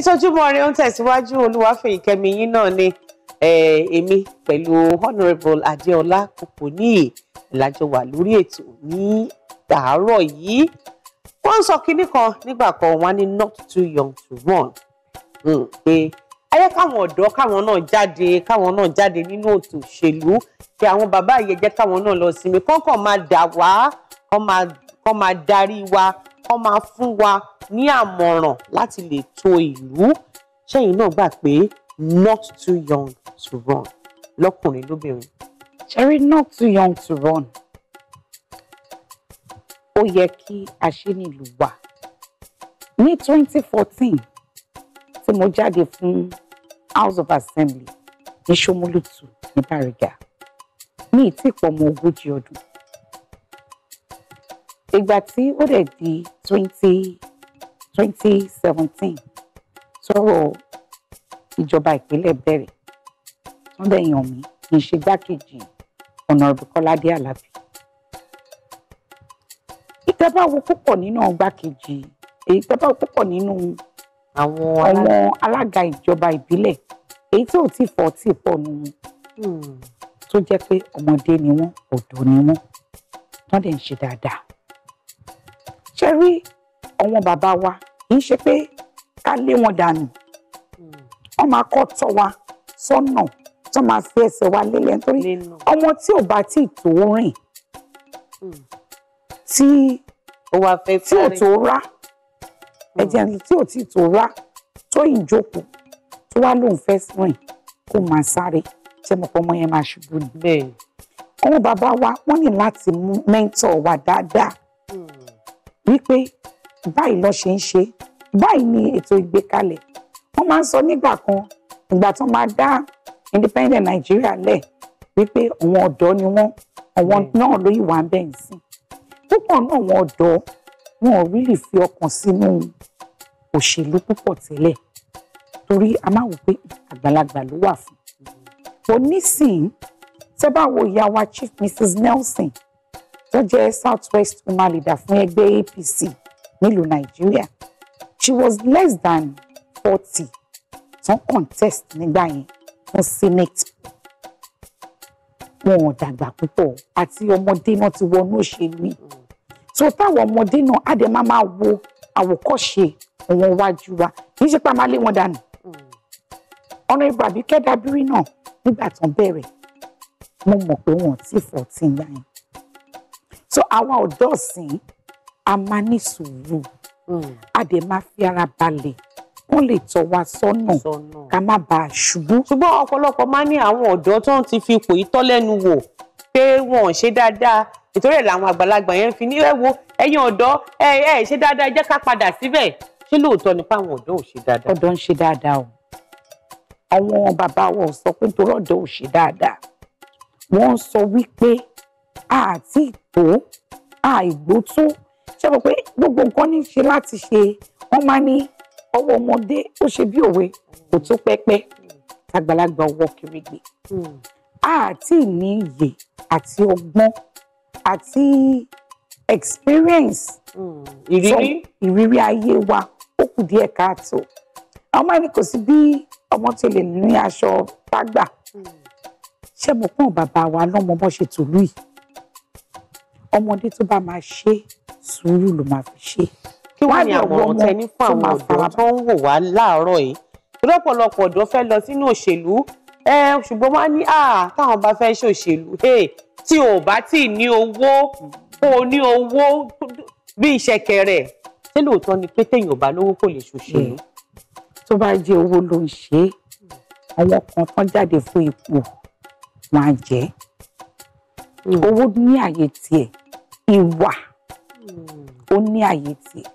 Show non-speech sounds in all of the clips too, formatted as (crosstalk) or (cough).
ètò ojúmọ́ rẹ ń tẹ̀síwájú olúwàfẹ̀yìnkẹ́mi yín náà ni èmi pẹ̀lú honourable adéọlá kòkòníyì lájọ wà lórí ètò ní àárọ̀ yìí wọ́n ń sọ kinní kan nígbà kan wọ́n ní not too young to run hmm, pé ayé káwọn ọ̀dọ́ káwọn náà jáde káwọn náà jáde nínú òtò òṣèlú pé àwọn bàbá yẹn jẹ́ káwọn náà lọ sinmi kọ́ńkàn máa dà wá kọ́ máa darí wa wọ́n máa fún wa ní àmọ̀ràn láti lè to ìlú ṣẹ́yìn náà gbà pé not too young to run lọ́kùnrin lóbìnrin. ṣẹ́rí not too young to run ó yẹ kí a ṣe nílùú wa ní twenty fourteen tí mo jáde fún House of Assembly ní Ṣómólútù ní Bariga ní ìtìpọ̀ ọmọ ogójì ọdún ìgbà tí ó dẹ̀ di twenty twenty seventeen sọ̀rọ̀ ìjọba ìpínlẹ̀ bẹ̀rẹ̀ wọ́n bẹ̀ yàn mí kì í ṣe gbákejì Honorable Kọ́ládé Àlàbí. ìtẹ́bá wo púpọ̀ nínú gbákejì èyí tẹ́bá wo púpọ̀ nínú àwọn alága ìjọba ìbílẹ̀ èyí tí ò tí fọ́ tí pọ̀ nù wọn hmm. tó jẹ́ pé ọmọdé ni wọ́n ọ̀dọ́ ni wọ́n wọ́n dẹ̀ ń ṣe dáadáa ṣe rí àwọn bàbá wa kì í ṣe pé ká lé wọn dànù wọn máa kọ́ tọ́ wa sọ́nà tó máa fi ẹsẹ̀ wa lélẹ̀ nítorí ọmọ tí ò bá tí ì tó rìn tí tí ò tó rá ẹ̀jẹ̀ tí ò tí ì tó rá tó ìjókòó tó wá lóun fẹ́ rìn kó máa sáré tí ọmọ ọmọ yẹn máa ṣubú ni. àwọn bàbá wa wọ́n ní láti mẹ́ńtọ̀ wa dáadáa wípé báyìí lọ ṣe ń ṣe báyìí ni ètò ìgbékalẹ̀ wọ́n máa ń sọ nígbà kan ìgbà tó máa dá independent Nigeria lẹ̀ wípé àwọn ọ̀dọ́ ni wọ́n àwọn hmm. náà ló yìí wà ń bẹ̀ ń sìn púpọ̀ náà àwọn ọ̀dọ́ wọn ò rí lè fi ọkàn sínú òṣèlú púpọ̀ tẹ́lẹ̀ torí a máa wò pé àgbàlagbà ló wà fún un onísìn tẹ́ bá wo ìyá wa Chief Mrs. Nelson tó jẹ́ southwest woman leader fún ẹgbẹ́ APC nílùú Nàìjíríà she was less than forty tán contest nígbà yẹn fún senate wọn ò dàgbà púpọ̀ àti ọmọdé náà ti wọnú òṣèlú yìí so táwọn ọmọdé náà á dẹ̀ máa máa wo àwòkọ́ṣe wọn wájú wa kì í ṣe pa máa lé wọn dànù ọ̀nà ìbàbí kẹ́dábírí náà nígbà tán bẹ̀rẹ̀ mo mọ̀ pé wọn ò tí fourteen gbà yẹn so àwa ọ̀dọ́ ọ̀sìn a máa ní sùúrù hmm. a dẹ̀ máa fi ara balẹ̀ wọ́n lè tọ́ wa sọ́nà ká má bàa ṣubú. ṣùgbọ́n ọ̀pọ̀lọpọ̀ máa ń ní àwọn ọ̀dọ́ tó ń ti fi ipò yìí lẹ́nu wò pé wọn ṣe dáadáa nítorí ẹ̀ làwọn àgbàlagbà yẹn fi ní ẹ wo ẹ̀yin ọ̀dọ́ ẹ ẹ ṣe dáadáa jẹ́ ká padà síbẹ̀ ṣé lóòótọ́ ni pé àwọn ọ̀dọ́ ò ṣe dáadáa. ọ̀dọ́ ń ṣe dáadáa o àwọn bàbá wa ò sọ pé nítorí ọ̀dọ́ ò ṣe dáadáa wọ́n sọ wípé àti ìtò àìgbótó ṣe mọ̀ pé gbogbo nǹkan ní ṣe láti ṣe wọ́n máa ní ọwọ́ ọmọdé ó ṣe bí òwe kò tó pẹ́pẹ́ àgbàlagbà ọwọ́ kiri gbé hmm. àti ní iyè àti ọgbọ́n àti experience hmm. ìrírí ìrírí ayé wa ó kù díẹ̀ káàtó àwọn máa ní kò sí bí ọmọ tó lè ní aṣọ tágbà hmm. ṣé mo pọ́n bàbá wa lọ́mọ bó ṣe tòlú yìí ọmọdé tó bá máa ṣe sùúrù ló máa fi ṣe. kí wàá ní àmọ̀ràn tẹni fún àwọn ọ̀dọ́ tó ń wò wá láàárọ̀ yìí lọ́pọ̀lọpọ̀ ọ̀dọ́ fẹ́ lọ sínú òṣèlú ṣùgbọ́n wọ́n á ní táwọn bá fẹ́ ṣe òṣèlú tí ò bá tí ní owó kó o ní owó bí ìṣẹ̀kẹ̀rẹ̀ ṣé lóòótọ́ ni pé téèyàn ò bá lówó kò lè ṣòṣèlú. Hmm. tó bá jẹ́ owó ló ń ṣe é àwọn kan tán jáde fún ipò wọn á jẹ́ hmm. owó ní àyè tiẹ̀ ìwà ó ní àyè tiẹ̀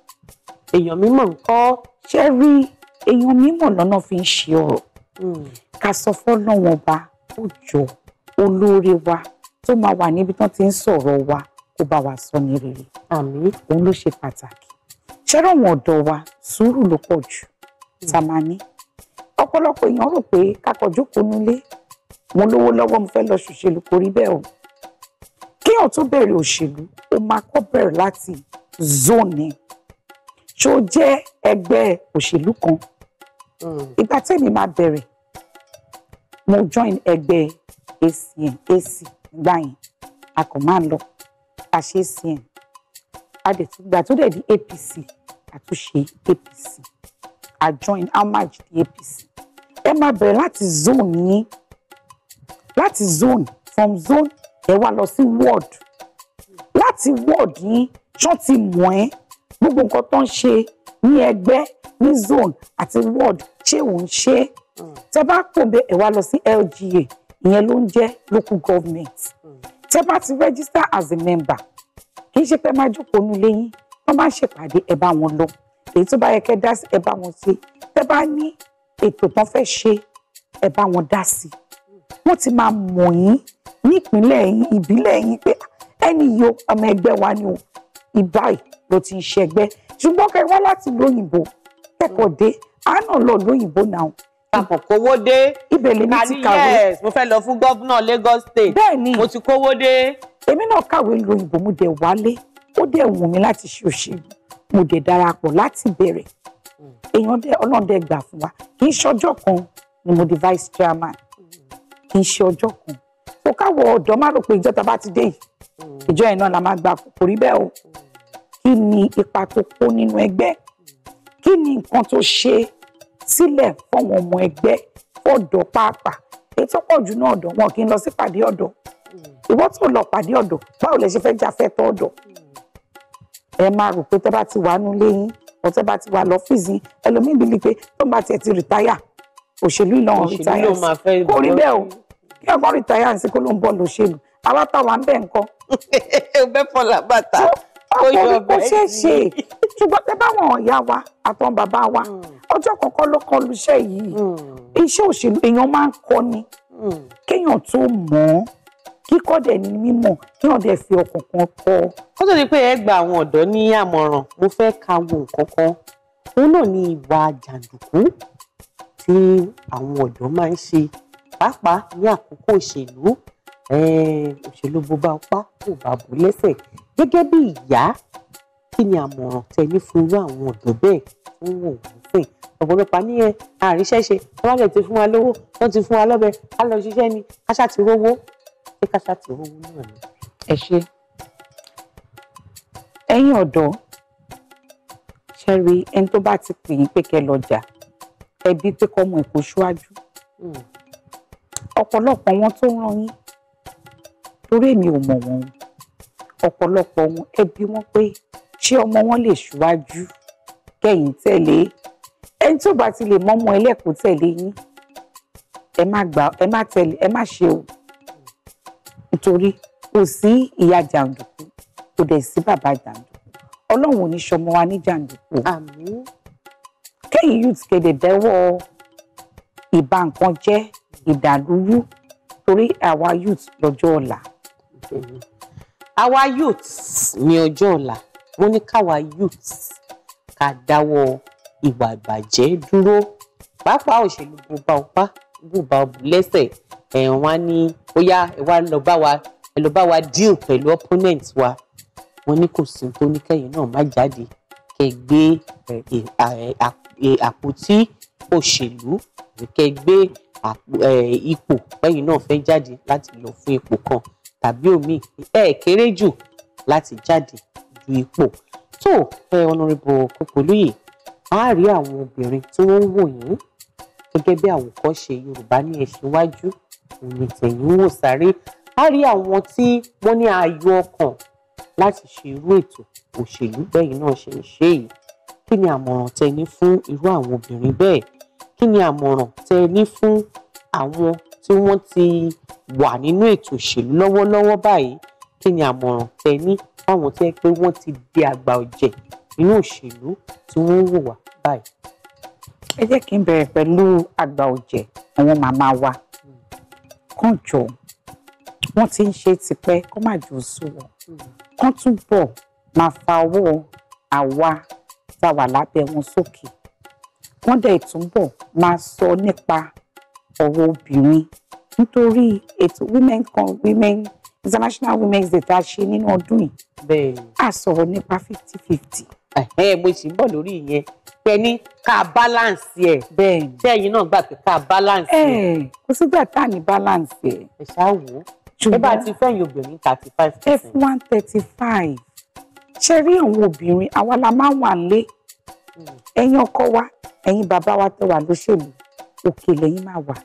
èèyàn mímọ̀ nǹkan ṣe rí èèyàn mímọ̀ lọ́nà fi ń ṣe ọ̀rọ̀ ká sọ fọ́lọ́wọ́n ọba ó jọ olóore wa tó máa wà níbi tán ti ń sọ̀rọ̀ wa kó bá wa sọ ní rere àmín òun ló ṣe pàtàkì ṣẹ́rọ̀ wọn ọ̀dọ̀ wa sùúrù ló pọ̀ jù tá a máa ní ọ̀pọ̀lọpọ̀ èèyàn rò pé kákọ̀ọ́jú kò mo lówó lọ́wọ́ mo fẹ́ lọ ṣòṣèlú kò rí bẹ́ẹ̀ o náà tó bẹ̀rẹ̀ òṣèlú ó máa kọ́ bẹ̀rẹ̀ láti zone tó jẹ́ ẹgbẹ́ òṣèlú kan hmm. ìgbà tẹ́mi máa bẹ̀rẹ̀ mo join ẹgbẹ́ acn ac gbà yẹn a kò máa lọ a ṣe acn a gbà tó dẹ̀ di apc àtúnṣe apc a join amag di apc ẹ máa bẹ̀rẹ̀ láti zone yín láti zone from zone ẹ wá lọ sí word? láti ward yín ṣán ti mọ̀ ẹ́ gbogbo nǹkan tó ń ṣe ní ẹgbẹ́ ní zone àti word ṣé ò ń ṣe é tẹ bá pòǹbẹ ẹ wá lọ sí LGA ìyẹn ló ń jẹ́ local government tẹ bá ti register as a member kì í ṣe pé máa jókòó nílé yín wọ́n bá ń ṣèpàdé ẹ bá wọn lọ èyí tó bá yẹ kẹ́ dá sí ẹ bá wọn ṣe tẹ bá ní ètò kan fẹ́ ṣe ẹ bá wọn dá sí wọ́n ti máa mọ̀ yín nípínlẹ̀ ìbílẹ̀ yín pé ẹni yìí ọmọ ẹgbẹ́ wa ni o ìbáyìí ló ti ṣẹgbẹ́ ṣùgbọ́n kẹ wá láti lóyìnbó kẹ́kọ̀ọ́ dé àánà lọ lóyìnbó náà. àpò kówó dé ibẹ̀ lèmi ti kàwé yes mo fẹ́ lọ fún gọ́vnà Lagos State bẹ́ẹ̀ mo ti kówó dé. èmi náà kàwé lóyìnbó mo dẹ̀ wálé ó dẹ̀ wù mí láti ṣe òṣèlú mo dẹ̀ darapọ̀ láti bẹ̀rẹ̀ èèyàn dẹ̀ ọlọ́dẹ gbà fún wa kì í ṣe ọjọ́ kan ni mo di vice chairman kì í ṣe ọjọ́ kan kò káwọ́ ọ̀dọ́ má rò pé ìjọ tá bá ti dé yìí mm. ìjọ yẹn náà la máa gbà kò rí bẹ́ẹ̀ o kí ni ipa tó kó nínú ẹgbẹ́ kí ni nǹkan tó ṣe sílẹ̀ fọwọn ọmọ ẹgbẹ́ fọ̀dọ́ pàápàá èyí tó pọ̀ jù náà ọ̀dọ́ wọn kì í lọ sí pàdé ọ̀dọ́ mm. ìwọ tó lọ pàdé ọ̀dọ́ báwo lẹ ṣe fẹ́ jà fẹ́ tọ́ ọ̀dọ́ mm. ẹ máa rò pé tẹ́ bá ti wà nílé yín ọtẹ bá ti wà lọ́fíìsì yín ẹlòmíín bí li pé tó ń bá tiẹ̀ ti rìtáyà òṣèlú ìlànà rìtáyà kò rí bẹ́ẹ̀ o kí ọgbọ́n rìtáyà ń sí kó ló ń bọ̀ lóṣèlú àwa táwa ń bẹ̀ nǹkan. o bẹ fọlá bàtà ó yọ ọbẹ yìí. kò ṣeé ṣe ṣùgbọ́n tẹ báwọn ọ̀yá wa àtọ́n bàbá wa hmm. ọjọ́ kọ̀ọ̀kan ló kọ́ luṣẹ́ yìí hmm. iṣẹ́ òṣèlú èèyàn máa ń kọ́ ni hmm. kéèyàn tó mọ̀ ọ́ kíkọ́ dẹ̀ ní mímọ̀ kí wọ́n dẹ̀ fi ọkàn kan kọ́. kó tó di pé ẹ gba àwọn ọ̀dọ́ ní àmọ̀ràn mo fẹ́ ka wo nǹkan kan òun náà ni ìwà jàǹdùkú tí àwọn ọ̀dọ́ máa ń ṣe pàápàá ní àkókò eh, òṣèlú òṣèlú bó bá pa kò bá bò lẹ́sẹ̀ gẹ́gẹ́ bí ìyá kí ni àmọ̀ràn tẹ ní fún irú àwọn ọ̀dọ́ bẹ́ẹ̀ tó ń wò wọ́n sìn ọ̀pọ̀lọpọ̀ ní ẹ àríṣẹ́ ṣe wọ́n bá lè ti fún wa lówó wọ́n ti fún wa lọ́bẹ̀ á lọ ṣiṣẹ́ ni káṣá ti rówó ṣé káṣá ti rówó náà ni. ẹ ṣe ẹ̀yin ọ̀dọ́ ṣẹrí ẹni tó bá ti pè yín pé kẹ́ lọ jà ẹbí pé kọmọ èkó ṣíwájú hmm ọ̀pọ̀lọpọ̀ wọn tó ń rán yín torí èmi ò mọ̀ wọn ọ̀pọ̀lọpọ̀ wọn ẹ bi wọ́n pé ṣé ọmọ wọn lè ṣíwájú kẹ́yìn tẹ̀lé ẹni tó bá ti lè mọ́mọ́ ẹlẹ́kùn tẹ̀lé yín ẹ má gbà ẹ má tẹ̀lé ẹ má ṣe o nítorí kò sí ìyá jàǹdùkú kò dẹ̀ sí bàbá jàǹdùkú ọlọ́run ò ní ṣọmọ wa ní jàǹdùkú. àmín youth kéde dẹ́wọ́ ìbá nǹkan jẹ́ ìdàlúrú torí àwa youth lọ́jọ́ ọ̀la àwa youth ní ọjọ́ ọ̀la mo ní káwa youth ká dáwọ́ ìwà ìbàjẹ́ dúró pàápàá òṣèlú bùbá ọpá bùbá ọbù lẹ́sẹ̀ ẹ̀ wá ní bóyá ẹ wá lọ bá wa ẹ lọ bá wa deal pẹ̀lú opponent wa wọn ní kò sí tó ní kẹ́yìn náà má jáde kẹ́ gbé àpótí òṣèlú kẹ́ gbé ipò pẹ́yìn náà fẹ́ jáde láti lọ fún ipò kan tàbí omi ẹ kéré jù láti jáde du ipò tó ẹ Honorable Popoloye a rí àwọn obìnrin tí wọ́n ń wò yín gẹ́gẹ́ bí àwòkọ́ṣe Yorùbá ní ẹ̀sìn iwájú òní tẹ̀yìn wò sáré a rí àwọn tí wọ́n ní ayọ̀ ọkàn láti ṣe irú ètò òṣèlú bẹ́yìn náà ṣe ń ṣe yìí kí ni àmọ̀ràn tẹ́ ní fún irú àwọn obìnrin bẹ́ẹ̀ kí ni àmọ̀ràn tẹ́ ẹ ní fún àwọn tí wọ́n ti wà nínú ètò òṣèlú lọ́wọ́lọ́wọ́ báyìí kí ni àmọ̀ràn tẹ́ ẹ ní fún àwọn tẹ́ ẹ pé wọ́n ti di àgbà ọ̀jẹ̀ nínú òṣèlú tí wọ́n ń wò wá báyìí. ẹ jẹ́ kí n bẹ̀rẹ̀ pẹ̀lú àgbà ọ̀jẹ̀ àwọn màmá wa kàn jọ wọ́n ti ń ṣe tipẹ́ kó má jò sú wọn kán túbọ̀ máa fa ọwọ́ àwa tá a wà lábẹ́ wọn sókè. So wọ́n dẹ̀ túbọ̀ máa sọ nípa ọ̀rọ̀ obìnrin nítorí ètò women con women international women's day tá a ṣe nínú ọdún yìí. a sọ̀rọ̀ nípa fifty fifty. ẹ mo sì ń bọ̀ lórí ìyẹn pé ní ká balance ẹ. bẹ́ẹ̀ni. sẹ́yìn náà gbà pé ká balance ẹ. ẹ kò sígbà tá a ní balance ẹ. ẹ ṣáà wò ó ṣùgbọ́n ẹ bá ti fẹ́yìn obìnrin thirty five f one thirty five ṣe rí àwọn obìnrin àwa la máa wà lé hmm. ẹ̀yin ọkọ wa ẹ̀yin bàbá wa tẹ́ wà lóṣèlú òkè lẹ́yìn máa wà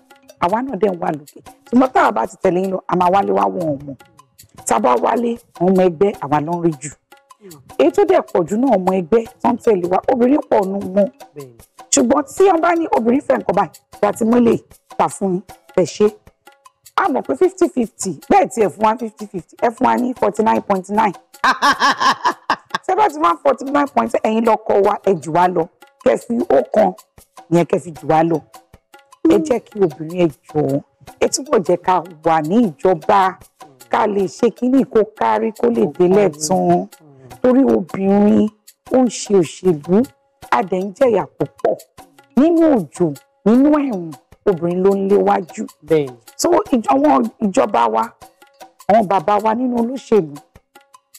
àwa náà dẹ̀ ń wà lókè ṣùgbọ́n táwa bá ti tẹ̀lé yín lọ àmà wálé wá wọn ọmọ tábà wálé àwọn ọmọ ẹgbẹ́ àwa ló ń rí jù èyí tó dẹ̀ pọ̀ jù náà ọmọ ẹgbẹ́ tó tẹ̀lé wa obìnrin pọ̀ nù wọn ṣùgbọ́n tí wọ́n bá ní obìnrin fẹ́ nǹkan báyìí láti mọ́lẹ̀ tà fún ẹ̀ ṣe a mọ̀ pé fifty fifty bẹ́ẹ̀ tí ẹ̀ fún wa fifty fifty ẹ̀ fún wa ní forty nine point nine (laughs) ṣé bá ti wá forty nine point ẹ̀yin lọ kọ wa ẹ̀ jù wá lọ kẹfì ó kan yẹn kẹfì jù wá lọ ẹ jẹ́ kí obìnrin ẹ jọ̀ọ́ ẹ túbọ̀ jẹ́ ká wà ní ìjọba ká lè ṣe kínní kó kárí kó lè délẹ̀ tán torí obìnrin ó ń ṣe òṣèlú adẹ̀ ń jẹ̀yà púpọ̀ nínú òjò nínú ẹ̀wọ̀n obìnrin ló ń léwájú. so àwọn ìjọba wa àwọn bàbá wa nínú olóṣèlú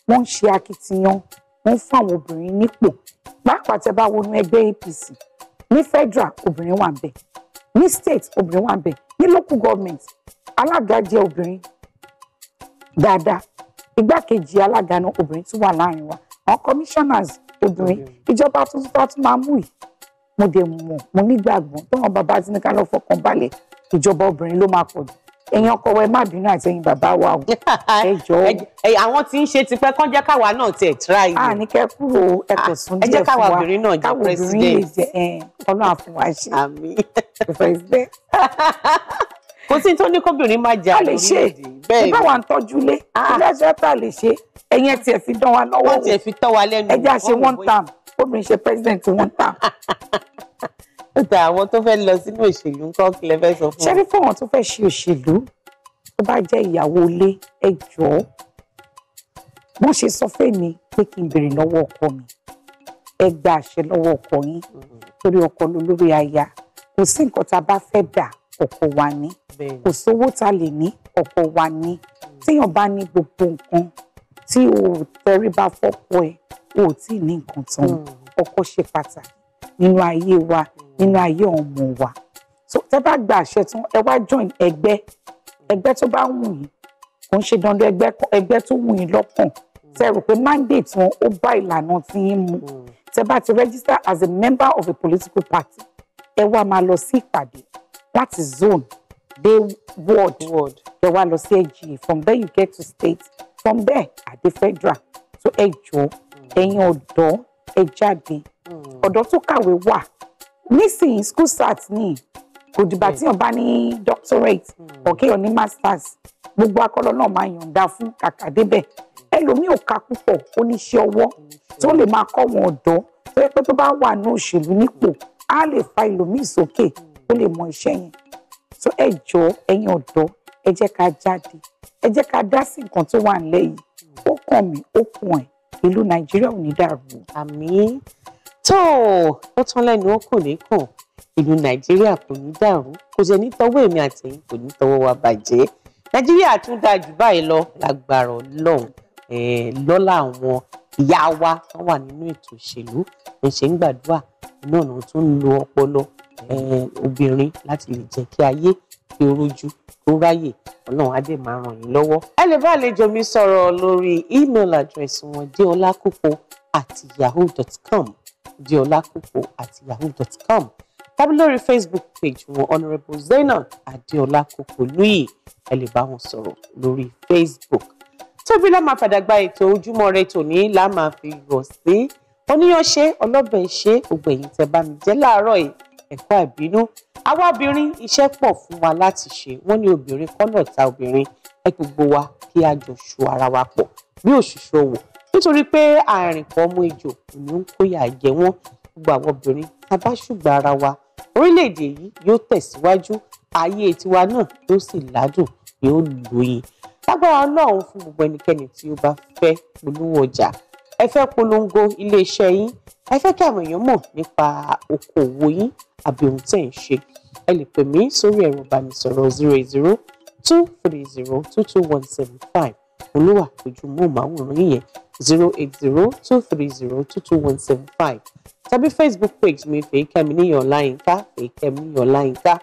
wọ́n ń ṣe akitiyan wọ́n ń fún àwọn obìnrin nípò pàápàá tẹ bá wọnú ẹgbẹ́ APC ní federal obìnrin wà bẹ̀ ní state obìnrin wà bẹ̀ ní local government alága jẹ́ obìnrin dáadáa igbákejì alága náà obìnrin tún wà láàrin wa àwọn commissioners obìnrin ìjọba tuntun tá a tún máa mú yìí mo dẹ̀ mọ̀ mo nígbàgbọ́ tọ́wọ́n bàbá tí ní ká lọ fọkàn balẹ̀ ìjọba obìnrin ló máa pọ̀ jù èèyàn kọ wẹ má bínú àtẹ̀yìn bàbá wa o (laughs) ẹ jọ̀ọ́. àwọn tí ń ṣe tipẹ́ kán jẹ́ káwa náà tẹ̀ tíráì. a ní kẹ́ kúrò ẹkọ̀ sún díẹ̀ fún wa ẹ jẹ́ káwa obìnrin náà jẹ́ president ọlọ́run àfún wa ṣe president. (laughs) kò sí tó ní kóbìnrin máa jà lórílẹ̀‐èdè bẹ́ẹ̀ ni. báwa ń tọ́jú lé ilé ẹ̀ṣẹ́ tá a lè ṣe ẹ̀yẹn tiẹ̀ fi dán wa lọ́wọ́ wò ẹ̀jẹ̀ fi one time obìnrin ṣe president one time. (laughs) ó da àwọn tó fẹ́ lọ sínú òṣèlú ńkọ́ kí lẹ fẹ́ sọ fún wọn. ṣé rí fún àwọn tó fẹ́ ṣe òṣèlú tó bá jẹ́ ìyàwó ilé ẹ jọ̀ọ́ wọ́n ṣe sọ fẹ́mi pé kí n béèrè lọ́wọ́ ọkọ mi ẹ gba àṣẹ lọ́wọ́ ọkọ yín torí ọkọ lórí aya kò sí nǹkan tá a bá fẹ́ dà ọkọ wa ní kò sówó tá lè ní ọkọ wa ní téèyàn bá ní gbogbo nǹkan tí o tẹríba fọ́pọ̀ ẹ o ò tí ì ní nǹkan tán hmm. ọkọ ṣe pàtàkì nínú ayé wa nínú ayé àwọn ọmọ wa so tẹ bá gba àṣẹ tán ẹ wá join ẹgbẹ́ ẹgbẹ́ tó bá wù yín kò ń ṣe dandan ẹgbẹ́ ẹgbẹ́ tó wù yín lọ́kàn tẹ rò pé mandate wọn ó bá ìlànà tí yín mu hmm. tẹ bá ti register as a member of a political party ẹ wá máa lọ sí ìpàdé láti zone dé ward ẹ wá lọ sí ẹjì from there you get to state from there àdé federal so ẹ jọ hmm. ẹ̀yin ọ̀dọ́ ẹ jáde hmm. ọ̀dọ́ tó kàwé wà nísìnyí school start ni kò dìgbà tíyàn bá ní doctorate or hmm. kéèyàn ní masters gbogbo akọ́lọ́ náà máa yọ̀ǹda fún kàkà débẹ̀ ẹlòmíì ò ka púpọ̀ ó ní iṣẹ́ ọwọ́ tó lè máa kọ́ wọn ọ̀dọ́ tó yẹ pé tó bá wà ní òṣèlú nípò á lè fa ẹlòmíì sókè tó lè mọ iṣẹ́ yẹn tó ẹ jọ ẹ̀yin ọ̀dọ́ ẹ jẹ́ ká jáde ẹ jẹ́ ká dá sí nǹkan tó wà nílẹ̀ yìí ó kàn mí ó kàn ẹ̀ ìlú Nàìjíríà ò ní dàrú. àmín tó ó tán lẹ́nu ó kò ní kàn ìlú nàìjíríà kò ní dàrú kò sì ní tọwọ́ èmi àtẹ̀yìn kò ní tọwọ́ wa bàjẹ́ nàìjíríà tún dáa jù báyìí lọ lágbára Ọlọ́run lọ́lá àwọn ìyá wa wọ́n wà nínú ètò òṣèlú ẹ̀ṣẹ̀ ń gbàdúrà náà ló tún ń lo ọpọlọ obìnrin láti lè jẹ́ kí ayé kí ó rojú kó ráyè ọlọ́run á dé máa ràn yín lọ́wọ́. ẹ lè bá àlejò mi sọ̀rọ̀ lórí email address wọn déọlákòpó at yahoo dot com deola koko yahoo.com tàbí lórí facebook page wọn honourable zainab adeola koko luyi ẹ lè bá wọn sọ̀rọ̀ lórí facebook tóbi la máa fàdàgbà ètò ojúmọ́ ire tòní la máa fi yọ̀ sí oníyanṣe ọlọ́bẹ̀ ṣe ògbẹ̀yìn tẹ bá mi jẹ́ láàárọ̀ yìí ẹ̀kọ́ àbínú àwa obìnrin iṣẹ́ pọ̀ fún wa láti ṣe wọ́n ní obìnrin kọ́nà ta obìnrin ẹ gbogbo wa kí a jọ so ara wa pọ̀ bí òṣìṣẹ́ òwò nítorí pé àrìnkọ́ ọmọ ejò ìlú ń kóyà jẹ wọ́n gbogbo àwọn obìnrin abáṣùgbà ara wa orílẹ̀-èdè yìí yóò tẹ̀síwájú ayé tiwa náà yóò sì ládùn yóò lóyin lágbára ọlọ́run fún gbogbo ẹnikẹ́ni tí ó bá fẹ́ polówó ọjà ẹ fẹ́ polongo iléeṣẹ́ yín ẹ fẹ́ kí àwọn èèyàn mọ̀ nípa okòwò yín àbí ohun tẹ̀ ń ṣe ẹ lè pè mí sórí ẹ̀rọ ìbánisọ̀rọ̀ zero zero two three zero two two one seven five olúwa ojú móhùnmáwòrán yìnyẹn zero eight zero two three zero two two one seven five tàbí facebook page mi Fèyíkẹ́mi Ọláyínká Fèyíkẹ́mi Ọláyínká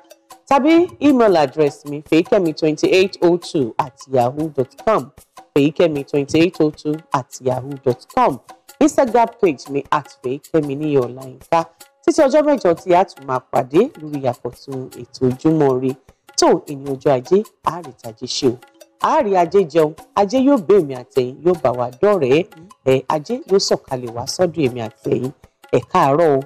tàbí email address mi fèyíkẹ́mi twenty eight oh two at yahoo dot com fèyíkẹ́mi twenty eight oh two at yahoo dot com instagram page mi at Fèyíkẹ́mi Ọláyínká títí ọjọ́ mẹ́jọ tí a tún máa pàdé lórí àkọ́tún ètò ojúmọ́ ire tó ìní ọjọ́ ajé àárẹ̀tàjẹ́ ṣe o àárí ajé jẹun ajé yóò bẹ èmi àtẹ̀yin yóò bá wa dọ̀rẹ́ mm-hmm. ẹ ajé yóò sọ̀kalẹ̀ wá sọ́dọ̀ èmi àtẹ̀yin ẹ káàárọ̀ o.